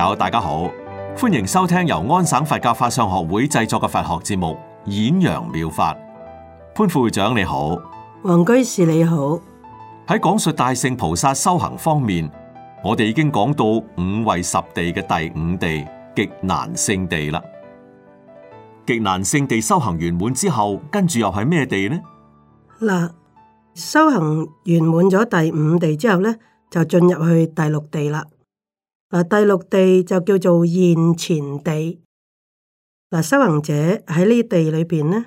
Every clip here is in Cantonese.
友大家好，歡迎收聽由安省佛教法相學會製作嘅佛學節目《演揚妙法》。潘副會長你好，黃居士你好。喺講述大乘菩薩修行方面，我哋已經講到五位十地嘅第五地極難勝地啦。極難勝地修行圓滿之後，跟住又係咩地呢？嗱，修行圓滿咗第五地之後咧，就進入去第六地啦。第六地就叫做現前地。嗱，修行者喺呢地裏邊呢，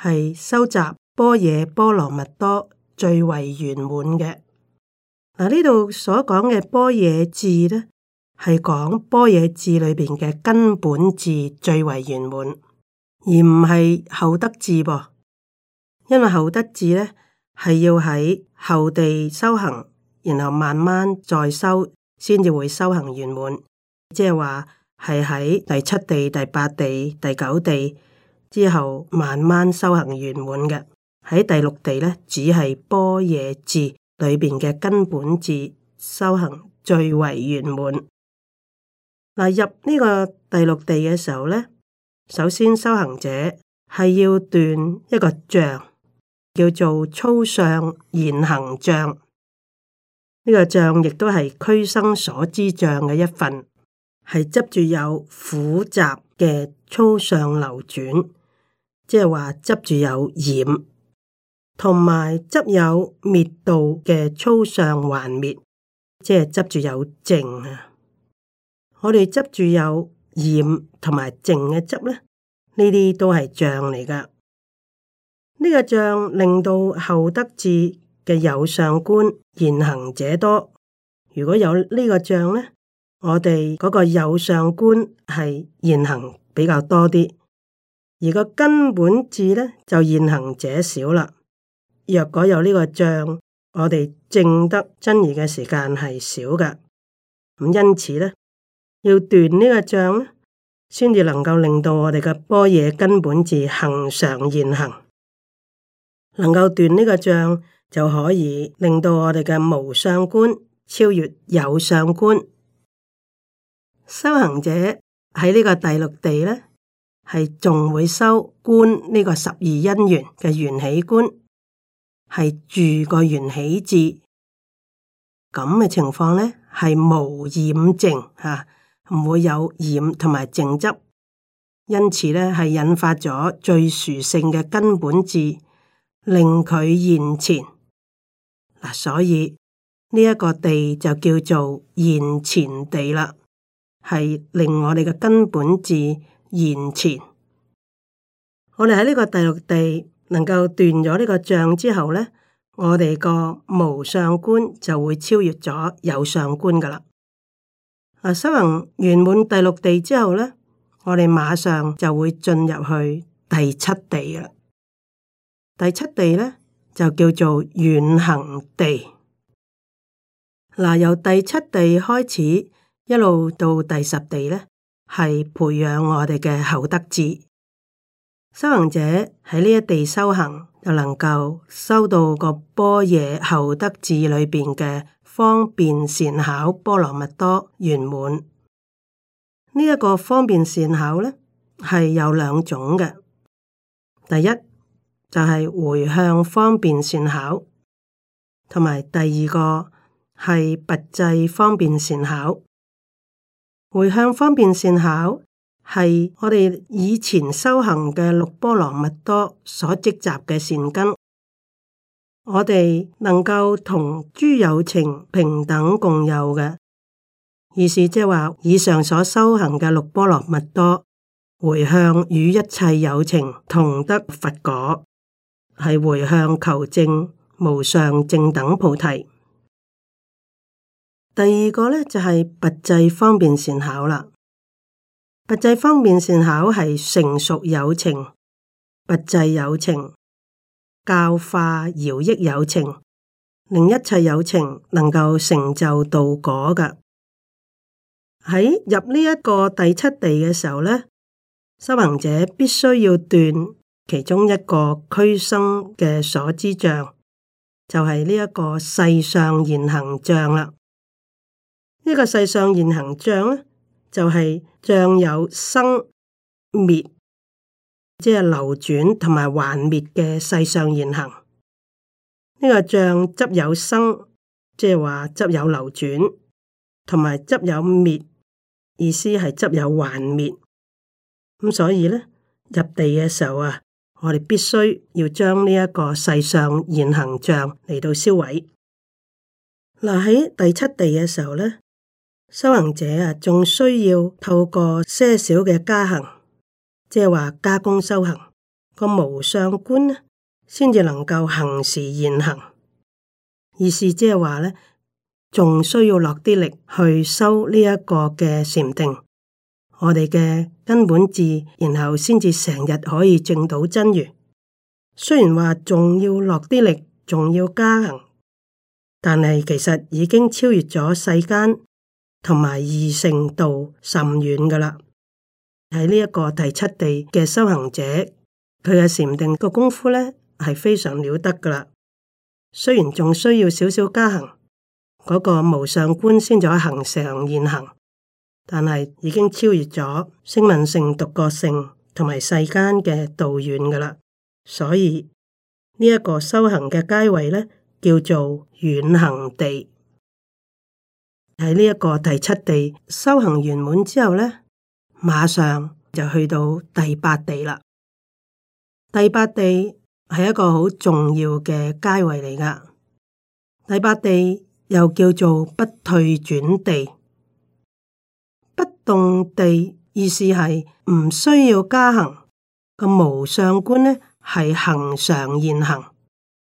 係收集般若波羅蜜多最為圓滿嘅。嗱，呢度所講嘅般若智呢，係講般若智裏邊嘅根本智最為圓滿，而唔係後得智噃。因為後得智呢，係要喺後地修行，然後慢慢再修。先至會修行圓滿，即係話係喺第七地、第八地、第九地之後，慢慢修行圓滿嘅。喺第六地咧，只係般若字裏邊嘅根本字修行最為圓滿。嗱、啊，入呢個第六地嘅時候咧，首先修行者係要斷一個障，叫做粗相現行障。呢個障亦都係俱生所知障嘅一份，係執住有苦集嘅粗相流轉，即係話執住有染，同埋執有滅道嘅粗相還滅，即係執住有淨啊！我哋執住有染同埋淨嘅執咧，呢啲都係障嚟噶。呢、這個障令到後得智。嘅右上觀現行者多，如果有呢個障咧，我哋嗰個右上觀係現行比較多啲，而個根本智咧就現行者少啦。若果有呢個障，我哋證得真如嘅時間係少嘅。咁因此咧，要斷呢個障咧，先至能夠令到我哋嘅般若根本智恒常現行，能夠斷呢個障。就可以令到我哋嘅無相觀超越有相觀。修行者喺呢個第六地咧，係仲會修觀呢個十二因緣嘅緣起觀，係住個緣起字。咁嘅情況咧係無染淨吓，唔、啊、會有染同埋淨執，因此咧係引發咗最殊勝嘅根本智，令佢現前。嗱，所以呢一個地就叫做現前地啦，係令我哋嘅根本智現前。我哋喺呢個第六地能夠斷咗呢個障之後呢，我哋個無上觀就會超越咗有上觀噶啦。嗱，修行完滿第六地之後呢，我哋馬上就會進入去第七地啦。第七地呢。就叫做遠行地。嗱，由第七地開始一路到第十地呢，係培養我哋嘅後得智。修行者喺呢一地修行，就能夠收到個般若後得智裏邊嘅方便善巧波羅蜜多圓滿呢一，這個方便善巧呢，係有兩種嘅，第一，就係回向方便善巧，同埋第二個係拔濟方便善巧。回向方便善巧係我哋以前修行嘅六波羅蜜多所積集嘅善根，我哋能夠同諸有情平等共有嘅，意思即係話以上所修行嘅六波羅蜜多，回向與一切有情同得佛果。係回向求證無上正等菩提。第二個呢，就係、是、拔濟方便善巧啦。拔濟方便善巧係成熟有情，拔濟有情，教化饒益有情，令一切有情能夠成就道果嘅。喺入呢一個第七地嘅時候呢，修行者必須要斷。其中一個區生嘅所知象，就係呢一個世上現行象啦。呢、這個世上現行象咧，就係、是、象有生滅，即係流轉同埋還滅嘅世上現行。呢、這個象執有生，即係話執有流轉，同埋執有滅，意思係執有還滅。咁所以咧，入地嘅時候啊。我哋必須要將呢一個世上現行像嚟到銷毀。嗱、啊、喺第七地嘅時候咧，修行者啊，仲需要透過些少嘅加行，即係話加功修行個無相觀先至能夠行持現行。意思即係話咧，仲需要落啲力去修呢一個嘅禪定，我哋嘅。根本智，然後先至成日可以證到真如。雖然話仲要落啲力，仲要加行，但係其實已經超越咗世間同埋二乘道甚遠噶啦。喺呢一個第七地嘅修行者，佢嘅禪定個功夫咧係非常了得噶啦。雖然仲需要少少加行，嗰、那個無上觀先咗行上現行。但係已經超越咗聲聞性、獨覺性同埋世間嘅道遠噶啦，所以呢一、這個修行嘅階位呢，叫做遠行地。喺呢一個第七地修行完滿之後呢，馬上就去到第八地啦。第八地係一個好重要嘅階位嚟噶。第八地又叫做不退轉地。動地意思係唔需要加行，個無相觀呢係恒常現行，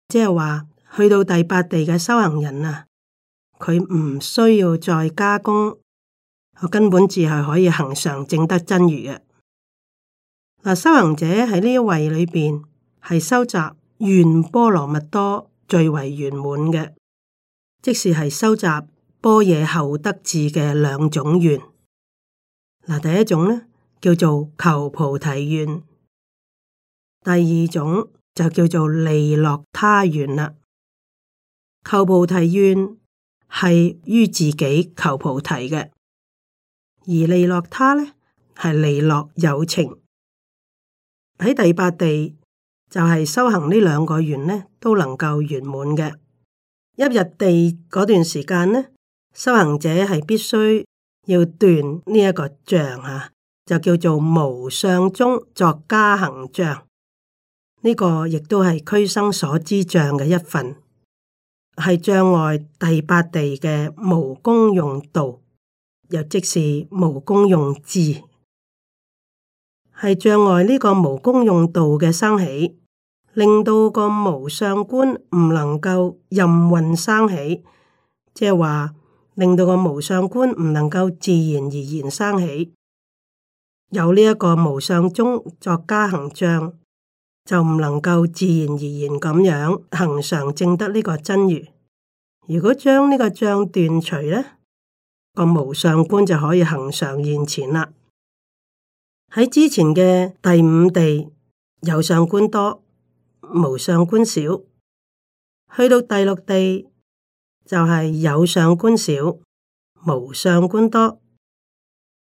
即係話去到第八地嘅修行人啊，佢唔需要再加工，根本只係可以恒常證得真如嘅。嗱，修行者喺呢一位裏邊係收集願波羅蜜多最為圓滿嘅，即使係收集般若後得智嘅兩種願。嗱，第一種咧，叫做求菩提願，第二種就叫做利樂他願啦。求菩提願係於自己求菩提嘅，而利樂他咧，係利樂有情。喺第八地就係、是、修行兩呢兩個願咧，都能夠圓滿嘅。一入地嗰段時間呢，修行者係必須。要斷呢一個障啊，就叫做無相中作加行障。呢、這個亦都係俱生所知障嘅一份，係障礙第八地嘅無功用道，又即是無功用智。係障礙呢、這個無功用道嘅生起，令到個無相觀唔能夠任運生起，即係話。令到個無相觀唔能夠自然而然生起，有呢一個無相中作加行障，就唔能夠自然而然咁樣恆常證得呢個真如。如果將呢個障斷除，呢個無相觀就可以恆常現前啦。喺之前嘅第五地有相觀多，無相觀少，去到第六地，就係有相觀少，無相觀多。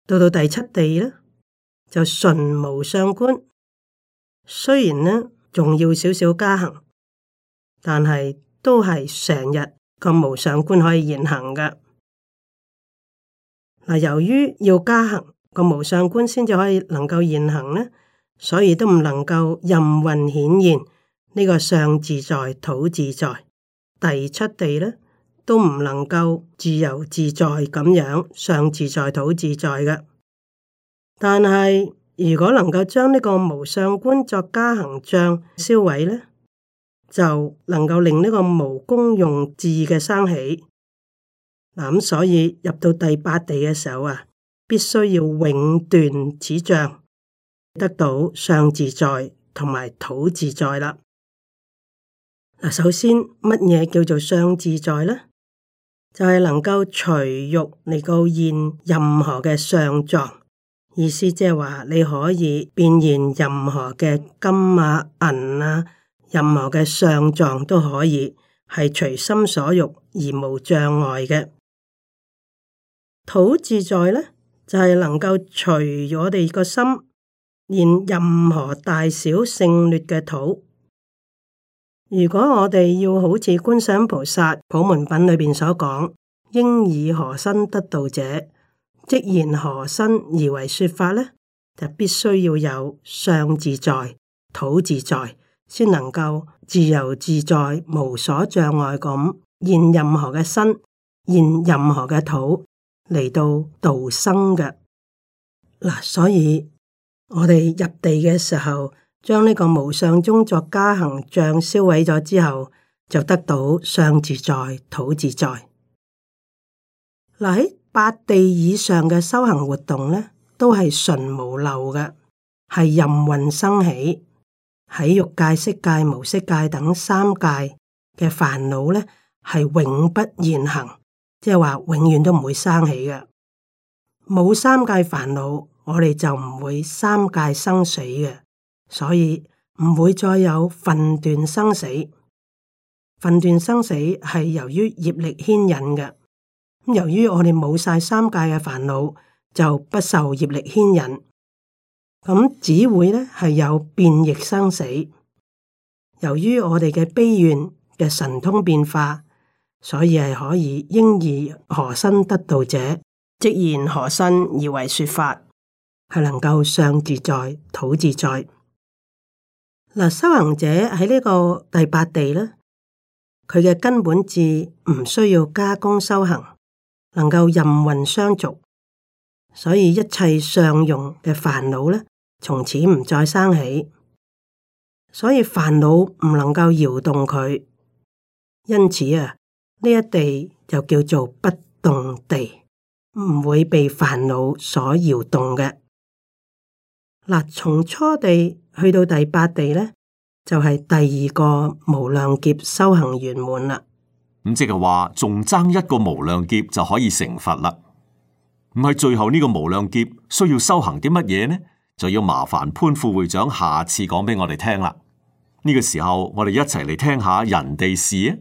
到到第七地咧，就純無相觀。雖然咧仲要少少加行，但係都係成日個無相觀可以現行噶。嗱，由於要加行個無相觀先至可以能夠現行咧，所以都唔能夠任運顯現呢、這個相自在、土自在、第七地咧。都唔能夠自由自在咁樣上自在、土自在嘅。但係如果能夠將呢個無相觀作加行障消毀呢，就能夠令呢個無功用智嘅生起。嗱、啊、咁，所以入到第八地嘅時候啊，必須要永斷此障，得到上自在同埋土自在啦。嗱、啊，首先乜嘢叫做上自在呢？就係能夠隨欲嚟夠現任何嘅相狀，意思即係話你可以變現任何嘅金啊銀啊，任何嘅相狀都可以係隨心所欲而無障礙嘅。土自在呢，就係、是、能夠隨我哋個心現任何大小勝劣嘅土。如果我哋要好似觀世音菩薩普門品裏面所講，應以何身得度者，即現何身而為說法呢，就必須要有相自在、土自在，先能夠自由自在、無所障礙咁現任何嘅身、現任何嘅土嚟到度生嘅。嗱，所以我哋入地嘅時候。將呢個無相中作加行障燒毀咗之後，就得到相自在、土自在。嗱，喺八地以上嘅修行活動呢，都係純無漏嘅，係任運生起。喺欲界、色界、無色界等三界嘅煩惱呢，係永不現行，即係話永遠都唔會生起嘅。冇三界煩惱，我哋就唔會三界生死嘅。所以唔會再有分段生死。分段生死係由於業力牽引嘅。由於我哋冇晒三界嘅煩惱，就不受業力牽引。咁只會呢係有變易生死。由於我哋嘅悲願嘅神通變化，所以係可以應以何身得道者，即現何身而為說法，係能夠相自在、土自在。嗱，修行者喺呢個第八地咧，佢嘅根本智唔需要加功修行，能夠任運相續，所以一切相用嘅煩惱咧，從此唔再生起，所以煩惱唔能夠搖動佢，因此啊，呢一地就叫做不動地，唔會被煩惱所搖動嘅。嗱，從初地去到第八地呢，就係第二個無量劫修行圓滿啦。咁即係話，仲爭一個無量劫就可以成佛啦。唔係最後呢個無量劫需要修行啲乜嘢呢？就要麻煩潘副會長下次講畀我哋聽啦。呢個時候我哋一齊嚟聽下人哋事啊！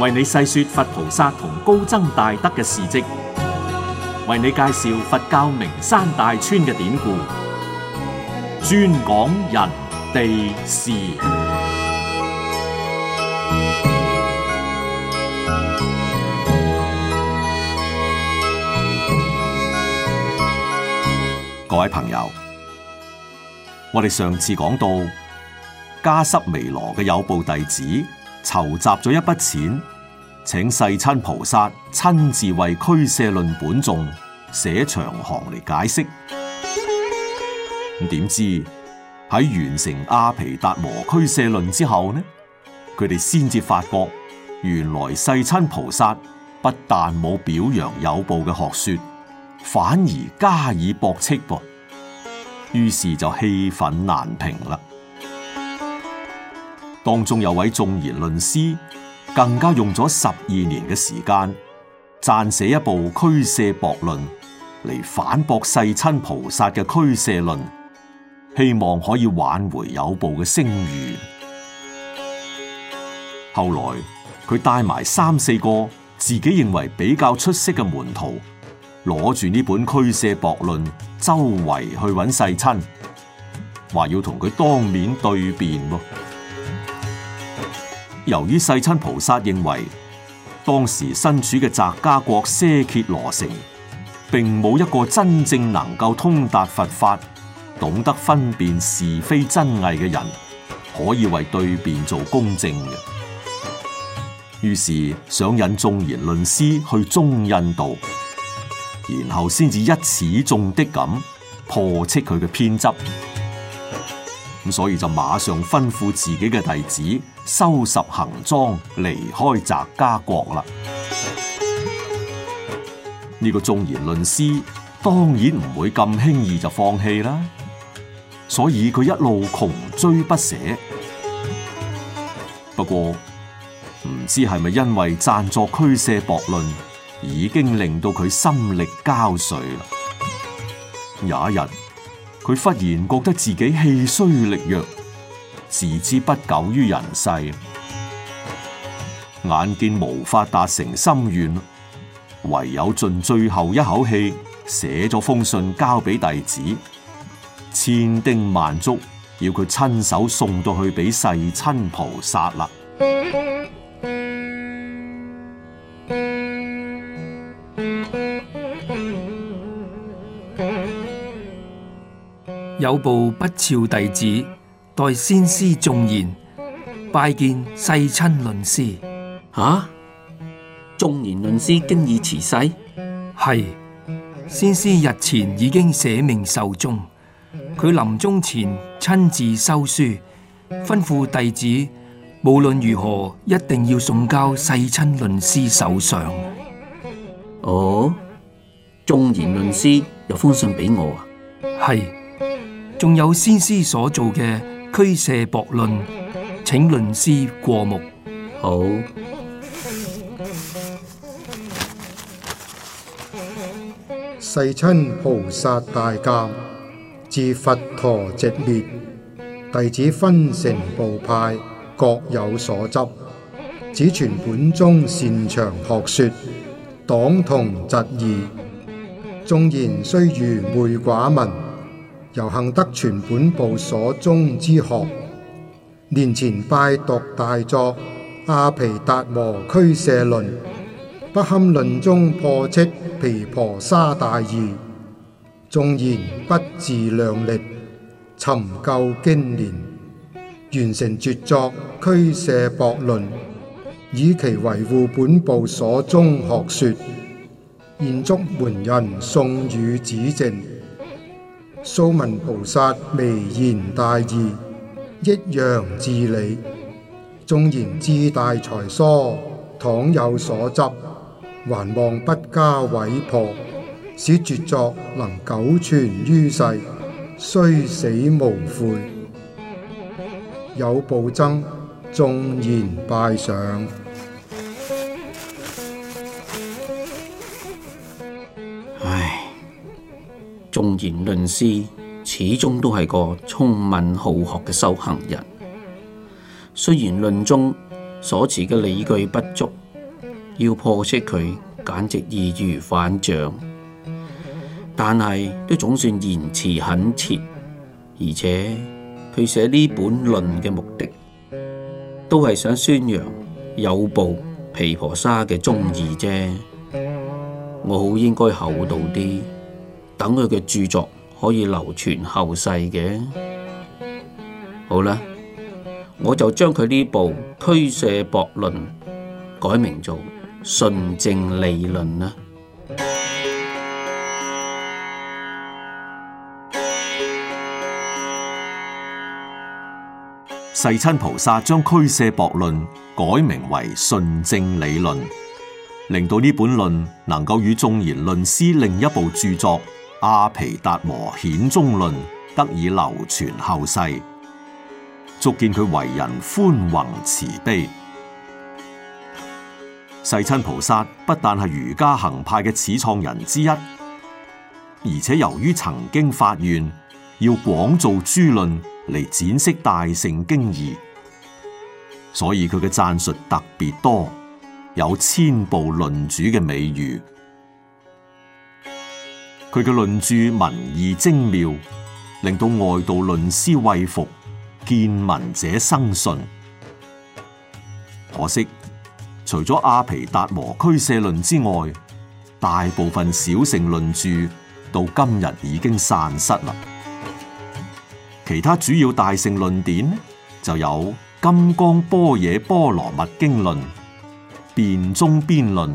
為你細說佛菩薩同高僧大德嘅事迹，為你介紹佛教名山大川嘅典故，專講人地事。各位朋友，我哋上次講到加濕彌羅嘅有部弟子。籌集咗一筆錢，請世親菩薩親自為《俱舍論》本頌寫長行嚟解釋。咁點知喺完成阿毗達摩《俱舍論》之後呢？佢哋先至發覺，原來世親菩薩不但冇表揚有部嘅學說，反而加以駁斥噃。於是就氣憤難平啦。當中有位眾賢論師，更加用咗十二年嘅時間，撰寫一部《俱舍雹論》嚟反駁世親菩薩嘅《俱舍論》，希望可以挽回有部嘅聲譽。後來佢帶埋三四個自己認為比較出色嘅門徒，攞住呢本《俱舍雹論》，周圍去揾世親，話要同佢當面對辯喎。由於世親菩薩認為當時身處嘅磔迦國奢羯羅城，並冇一個真正能夠通達佛法、懂得分辨是非真偽嘅人，可以為對辯做公正嘅，於是想引眾言論師去中印度，然後先至一始眾的咁破斥佢嘅偏執。所以就馬上吩咐自己嘅弟子收拾行裝，離開翟家國啦。呢個眾賢論師，當然唔會咁輕易就放棄啦。所以佢一路窮追不捨。不過唔知係咪因為撰作俱舍雹論，已經令到佢心力交瘁啦。有一日。佢忽然覺得自己氣衰力弱，自知不久於人世，眼見無法達成心願，唯有盡最後一口氣，寫咗封信交俾弟子，千叮萬囑要佢親手送到去俾世親菩薩啦。有部不肖弟子代先師仲言拜見世親論師吓？仲言論師經已辭世，係先師日前已經捨命壽終，佢臨終前親自收書，吩咐弟子無論如何一定要送交世親論師手上。哦，仲言論師有封信俾我啊？係。仲有先師所做嘅《驅射雹論》，請論師過目。好，世親菩薩，大教自佛陀寂滅，弟子分成部派，各有所執，只傳本宗擅長學說，黨同疾異，眾言雖愚昧寡聞。由幸得傳本部所宗之學，年前拜讀大作《阿毗達磨俱舍論》，不堪論中破斥毗婆沙大義，縱然不自量力尋究經年，完成絕作《俱舍雹論》，以其維護本部所宗學說，現祝門人送予指正。素聞菩薩微言大義，益揚至理。縱然志大才疏，倘有所執，還望不加毀破，使絕作能久存於世，雖死無悔。有暴爭，縱然拜上。眾賢論師始終都係個聰敏好學嘅修行人，雖然論中所持嘅理據不足，要破斥佢簡直易如反掌，但係都總算言辭懇切，而且佢寫呢本論嘅目的，都係想宣揚有部毗婆沙嘅宗義啫，我好應該厚道啲。等佢嘅著作可以流傳後世嘅，好啦，我就將佢呢部《俱舍雹論》改名做《順正理論》啦。世親菩薩將《俱舍雹論》改名為《順正理論》，令到呢本論能夠與《眾賢論師》另一部著作。阿皮達磨顯宗論得以流傳後世，足見佢為人寬宏慈、慈悲。世親菩薩不但係瑜伽行派嘅始創人之一，而且由於曾經發願要廣造諸論嚟展釋大乘經義，所以佢嘅贊述特別多，有千部論主嘅美譽。佢嘅論著文意精妙，令到外道論師畏服，見聞者生信。可惜，除咗阿毗達摩俱舍論之外，大部分小乘論著到今日已經散失啦。其他主要大乘論典就有《金剛般若波羅蜜經論》、《辯中邊論》、《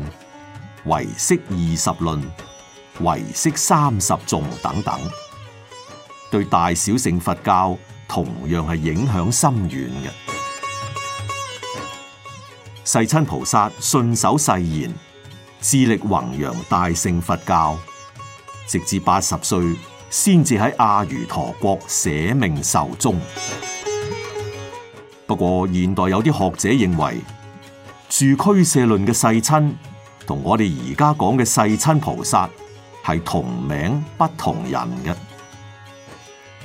唯識二十論》。唯識三十頌等等，對大小乘佛教同樣係影響深遠嘅。世親菩薩信守誓言，致力弘揚大乘佛教，直至八十歲先至喺阿瑜陀國捨命壽終。不過現代有啲學者認為，住俱舍論嘅世親同我哋而家講嘅世親菩薩。係同名不同人嘅。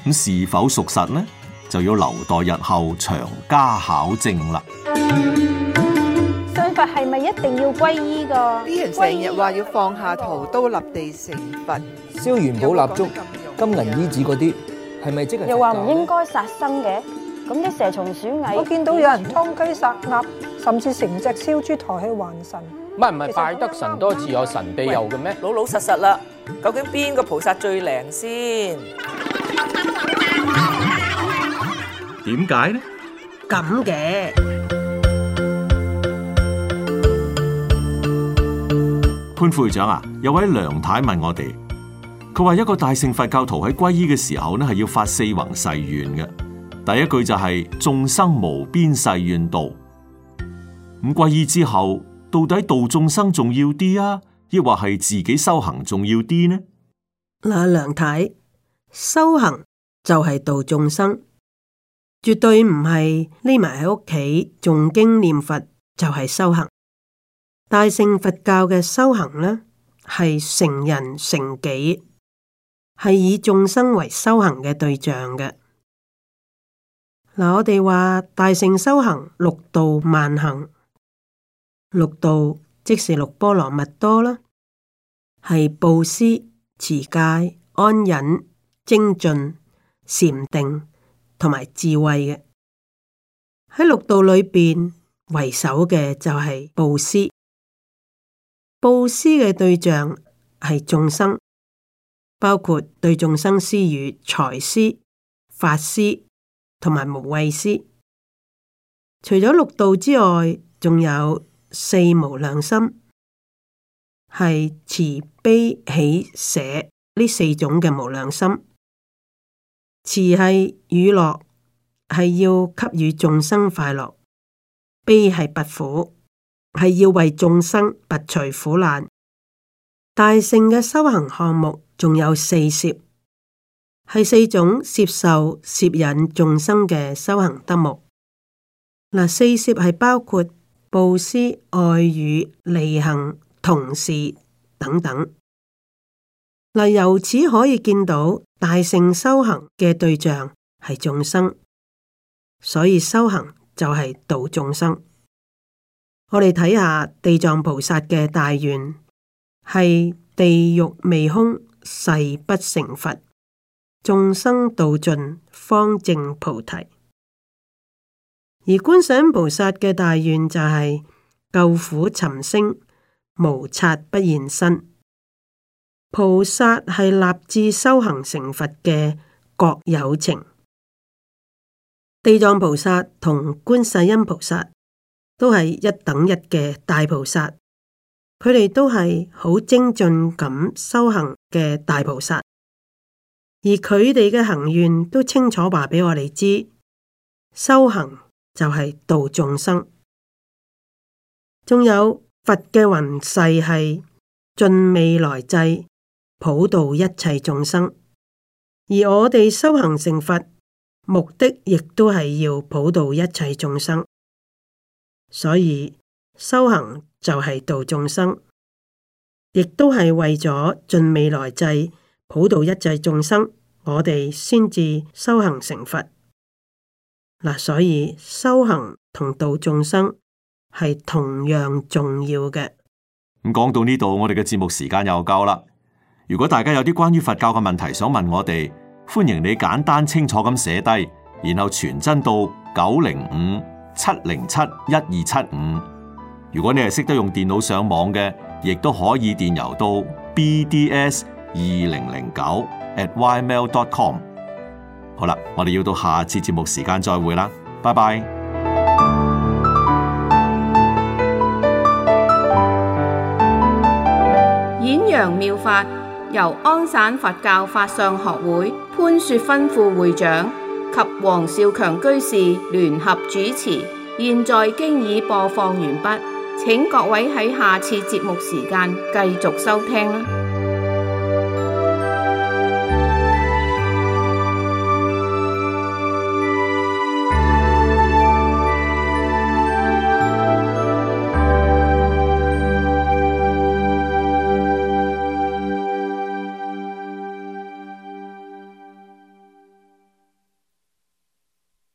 咁是否屬實呢？就要留待日後詳加考證啦。信佛係咪一定要皈依㗎？啲人成日話要放下屠刀立地成佛，燒元寶蠟燭、金銀衣紙嗰啲，係咪、嗯、即係？又話唔應該殺生嘅，咁啲蛇蟲鼠蟻，我見到有人劏雞殺鴨，甚至成隻燒豬抬去還神。唔係唔係，拜得神多自有神庇佑嘅咩？老老實實啦，究竟邊個菩薩最靈先？點解呢？咁嘅潘副會長啊，有位梁太問我哋，佢話一個大乘佛教徒喺皈依嘅時候呢，係要發四弘誓願嘅，第一句就係眾生無邊誓願度」。五皈依之後，到底度眾生重要啲啊，抑或係自己修行重要啲呢？嗱，梁太，修行就係度眾生，絕對唔係匿埋喺屋企誦經念佛就係、是、修行。大乘佛教嘅修行呢，係成人成己，係以眾生為修行嘅對象嘅。嗱，我哋話大乘修行六度萬行。六道，即是六波羅蜜多啦，係布施、持戒、安忍、精進、禪定同埋智慧嘅。喺六道裏邊，為首嘅就係布施。布施嘅對象係眾生，包括對眾生施予財施、法施同埋無畏施。除咗六道之外，仲有。四無量心係慈悲喜捨呢四種嘅無量心，慈係與樂，係要給予眾生快樂，悲係拔苦，係要為眾生拔除苦難。大乘嘅修行項目仲有四攝，係四種攝受攝引眾生嘅修行德目。嗱，四攝係包括。布施、愛語、利行、同事等等，嗱，由此可以見到大乘修行嘅對象係眾生，所以修行就係度眾生。我哋睇下地藏菩薩嘅大願，係地獄未空，誓不成佛；眾生度盡，方證菩提。而觀世音菩薩嘅大願就係救苦尋聲，無剎不現身。菩薩係立志修行成佛嘅覺有情。地藏菩薩同觀世音菩薩都係一等一嘅大菩薩，佢哋都係好精進咁修行嘅大菩薩，而佢哋嘅行願都清楚話畀我哋知修行。就係度眾生，仲有佛嘅云世係盡未來際普度一切眾生，而我哋修行成佛目的亦都係要普度一切眾生，所以修行就係度眾生，亦都係為咗盡未來際普度一切眾生，我哋先至修行成佛。嗱，所以修行同度眾生係同樣重要嘅。咁講到呢度，我哋嘅節目時間又夠啦。如果大家有啲關於佛教嘅問題想問我哋，歡迎你簡單清楚咁寫低，然後傳真到九零五七零七一二七五。如果你係識得用電腦上網嘅，亦都可以電郵到 bds 二零零九 at ymail.com。好啦，我哋要到下次節目時間再會啦，拜拜。演揚妙法由安省佛教法相學會潘雪芬副會長及黃少強居士聯合主持，現在經已播放完畢，請各位喺下次節目時間繼續收聽啦。